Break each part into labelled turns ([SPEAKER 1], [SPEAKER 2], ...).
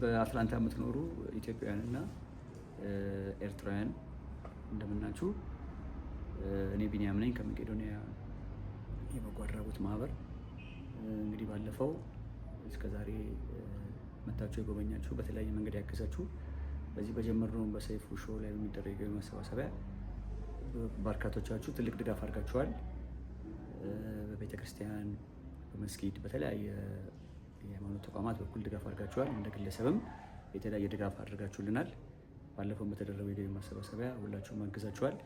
[SPEAKER 1] በአትላንታ የምትኖሩ ኢትዮጵያውያንና ኤርትራውያን እንደምናችሁ፣ እኔ ቢኒያም ነኝ ከመቄዶኒያ የበጎ አድራጎት ማህበር። እንግዲህ ባለፈው እስከዛሬ መታችሁ የጎበኛችሁ በተለያየ መንገድ ያገዛችሁ በዚህ በጀመርነው በሰይፉ ሾው ላይ በሚደረገው መሰባሰቢያ በርካቶቻችሁ ትልቅ ድጋፍ አድርጋችኋል። በቤተክርስቲያን፣ በመስጊድ፣ በተለያየ የሃይማኖት ተቋማት በኩል ድጋፍ አድርጋችኋል። እንደ ግለሰብም የተለያየ ድጋፍ አድርጋችሁልናል። ባለፈው በተደረገው የገቢ ማሰባሰቢያ ሁላችሁም አግዛችኋል።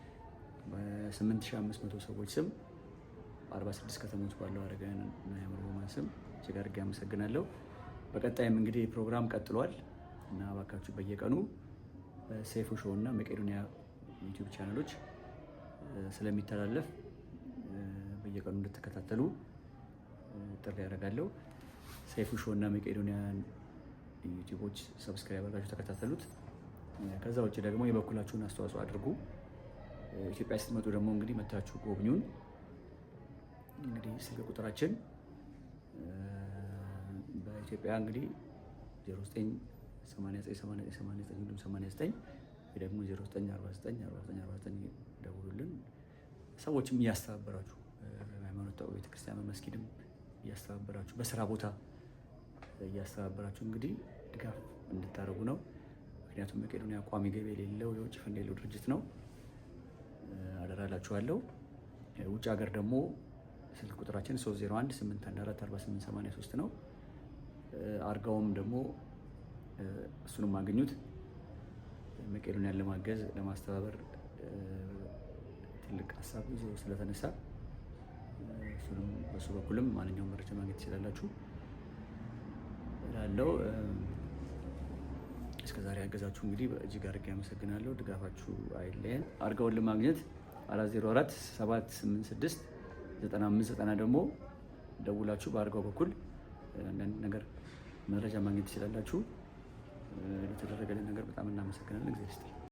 [SPEAKER 1] በ8500 ሰዎች ስም በ46 ከተሞች ባለው አረጋውያን እና የአእምሮ ስም እጅግ አድርጌ አመሰግናለሁ። በቀጣይም እንግዲህ ፕሮግራም ቀጥሏል እና እባካችሁ በየቀኑ ሴፉ ሾው እና መቄዶኒያ ዩቲዩብ ቻናሎች ስለሚተላለፍ በየቀኑ እንድትከታተሉ ጥሪ ያደርጋለሁ። ሰይፉ ሾው እና መቄዶንያን ዩቲዩቦች ሰብስክራይብ አድርጋችሁ ተከታተሉት። ከዛ ውጭ ደግሞ የበኩላችሁን አስተዋጽኦ አድርጉ። ኢትዮጵያ ስትመጡ ደግሞ እንግዲህ መታችሁ ጎብኙን። እንግዲህ ስልክ ቁጥራችን በኢትዮጵያ እንግዲህ 0989898989 ወይ ደግሞ 0949 ደውሉልን። ሰዎችም እያስተባበራችሁ ሃይማኖት ቤተክርስቲያን መስጊድም እያስተባበራችሁ በስራ ቦታ እያስተባበራችሁ እንግዲህ ድጋፍ እንድታደርጉ ነው። ምክንያቱም መቄዶንያ ቋሚ ገቢ የሌለው የውጭ ፈንድ የሌለው ድርጅት ነው። አደራላችኋለሁ። ውጭ ሀገር ደግሞ ስልክ ቁጥራችን 3018144883 ነው። አርጋውም ደግሞ እሱንም አገኙት። መቄዶንያን ለማገዝ ለማስተባበር ትልቅ ሀሳብ ይዞ ስለተነሳ እሱንም በሱ በኩልም ማንኛውም መረጃ ማግኘት ትችላላችሁ። እስከ ዛሬ ያገዛችሁ እንግዲህ እጅግ አድርጌ አመሰግናለሁ። ድጋፋችሁ አይለየን። አርጋውን ለማግኘት 404 786 9590 ደግሞ ደውላችሁ በአርጋው በኩል አንዳንድ ነገር መረጃ ማግኘት ትችላላችሁ። ለተደረገልን ነገር በጣም እናመሰግናለን። እግዚአብሔር